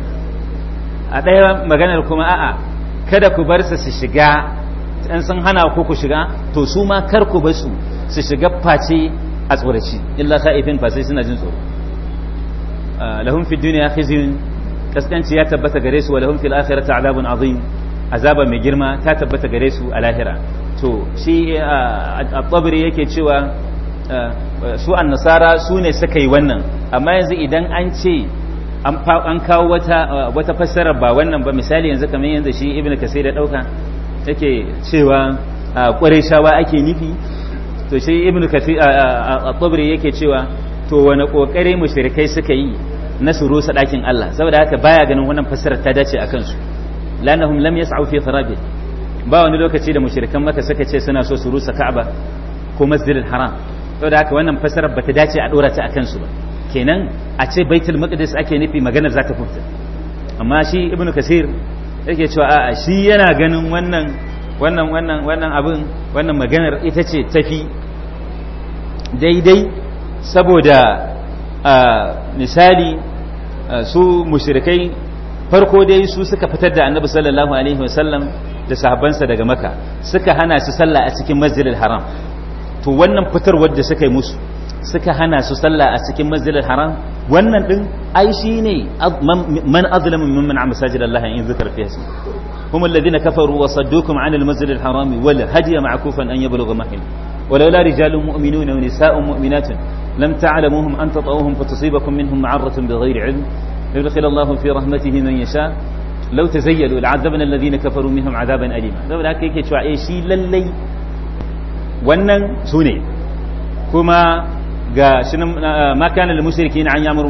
a ɗaya maganar kuma a'a kada ku bar su shiga in sun hana ku ku shiga to su ma kar ku basu su shiga face a tsoraci illa sa'ifin face suna jin tsoro ah, lahum fi dunya khizyun kaskanci ya tabbata gare su wa lahum fil akhirati azabun azim azaba mai girma ta tabbata gare su a lahira to shi ah, at-tabri yake cewa ah, su an-nasara su ne suka yi wannan amma yanzu idan an ce an kawo wata fassarar ba wannan ba misali yanzu kamar yanzu shi ibnu kasir ya dauka yake cewa a ƙwarishawa ake nufi to shi ibn kathir a tsibiri yake cewa to wani ƙoƙari mushrikai suka yi na su rusa ɗakin Allah saboda haka baya ganin wannan fassarar ta dace a kansu lanahum lam yas'u fi tharabi ba wani lokaci da mushrikan maka suka ce suna so su rusa Ka'aba ko Masjidil Haram saboda haka wannan fassarar bata dace a dora ta a kansu ba kenan a ce Baitul Maqdis ake nufi maganar za ta fita amma shi ibn kasir yake cewa a'a shi yana ganin wannan wannan wannan wannan abin wannan maganar ita ce tafi daidai saboda misali su mushrikai farko dai su suka fitar da annabi sallallahu alaihi wasallam da sahabbansa daga maka suka hana su sallah a cikin masjidil haram to wannan fitarwar da suka yi musu suka hana su sallah a cikin masjidil haram wannan din ai ne man azlamu mimman amsa masajid Allah in zikr fi hasbi hum alladhina kafaru wa saddukum 'an al-masjid al-harami wal hadiya an yablugha mahil ولولا رجال مؤمنون ونساء مؤمنات لم تعلموهم أن تطؤوهم فتصيبكم منهم معرة بغير علم يدخل الله في رحمته من يشاء لو تزيلوا لعذبنا الذين كفروا منهم عذابا أليما saboda haka yake cewa eh shi lallai wannan sune kuma ga shi ma kana lil mushrikin an ya'muru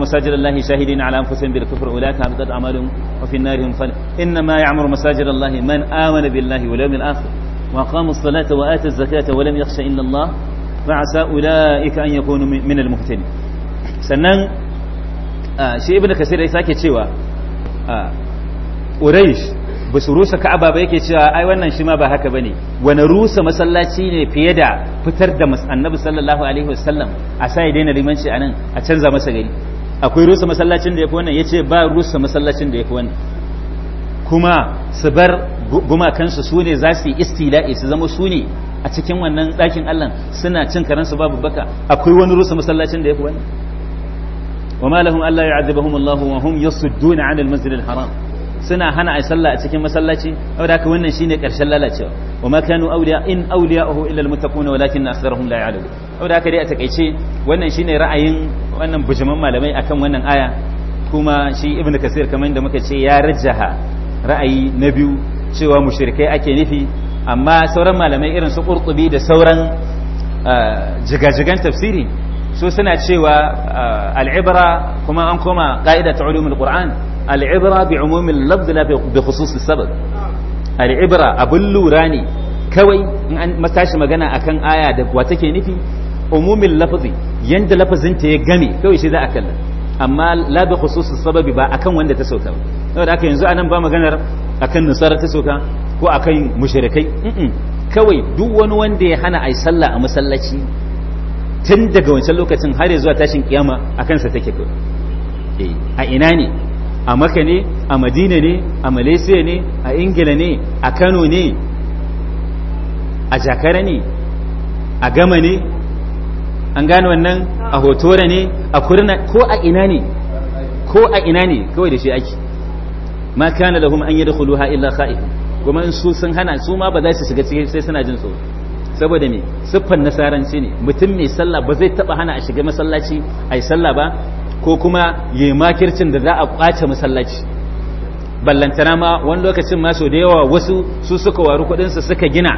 shahidin ala anfusihim bil kufr ulaka habitat a'maluhum wa fi an hum inna ma ya'muru man amana billahi wal yawmil akhir wa as-salata wa ata az-zakata wa lam yakhsha illa Allah fa'asa ulaika an yakunu min al-muhtadin sannan ah, shi ibnu kasir ya sake cewa ah, quraish ba su rusa ka'aba ba yake cewa ai wannan shi ma ba haka bane wani rusa masallaci ne fiye da fitar da annabi sallallahu alaihi wasallam a sa ya daina limanci a nan a canza masa gari akwai rusa masallacin da yafi wannan yace ba rusa masallacin da yafi wannan kuma su bar gumakansu su ne za su yi istila'i su zama su ne a cikin wannan ɗakin allan suna cin karansu babu baka akwai wani rusa masallacin da yafi wannan وما لهم ألا يعذبهم الله وهم يصدون عن المسجد الحرام suna hana a sallah a cikin masallaci saboda haka wannan shine karshen lalacewa wa ma kanu awliya in awliya'uhu illa almuttaqun walakin aktharuhum la ya'lamun saboda haka dai a takeice wannan shine ra'ayin wannan bujuman malamai akan wannan aya kuma shi ibnu kasir kamar da muka ce ya rajjaha ra'ayi na biyu cewa mushrikai ake nufi amma sauran malamai irin su qurtubi da sauran ah, jigajigan tafsiri su suna cewa ah, al'ibra kuma an koma ƙa'idata ulumul qur'an al'ibra bi umumin lafzi la bi khususi sabab al'ibra abin lura ne kawai in an tashi magana akan aya da wa take nufi umumin lafzi yanda lafazin ta ya game kawai shi za a kalla amma la bi khususi sababi ba akan wanda ta sauka ba saboda haka yanzu anan ba maganar akan nusara ta sauka ko akan mushrikai kawai duk wani wanda ya hana ai sallah a masallaci tun daga wancan lokacin har zuwa tashin kiyama akan sa a ina ne a maka ne a madina ne a malaysia ne a ingila ne a kano ne a jakara ne a gama ne an wannan a hotora ne a kurna ko a ina ne ko a ina ne kawai da shi ake ma kana lahum an yadkhuluha illa kha'ifu kuma in su sun hana su ma ba za su shiga cikin sai suna jin tsoro saboda me siffan nasaranci ne mutum mai sallah ba zai taba hana a shiga masallaci ai sallah ba ko kuma ya yi makircin da za a kwace masallaci ballantana ma wani lokacin maso da yawa wasu su suka waru kudinsu suka gina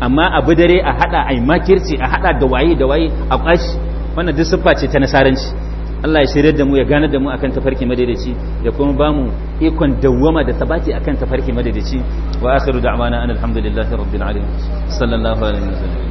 amma abu dare a hada a yi makirci a hada da waye da waye a kwashi wannan duk siffa ce ta nasaranci Allah ya shirya da mu ya gana da mu akan tafarki madadaci da kuma ba mu ikon dawwama da tabati akan tafarki madadaci wa akhiru da'wana hamdulillahi rabbil alamin sallallahu alaihi wasallam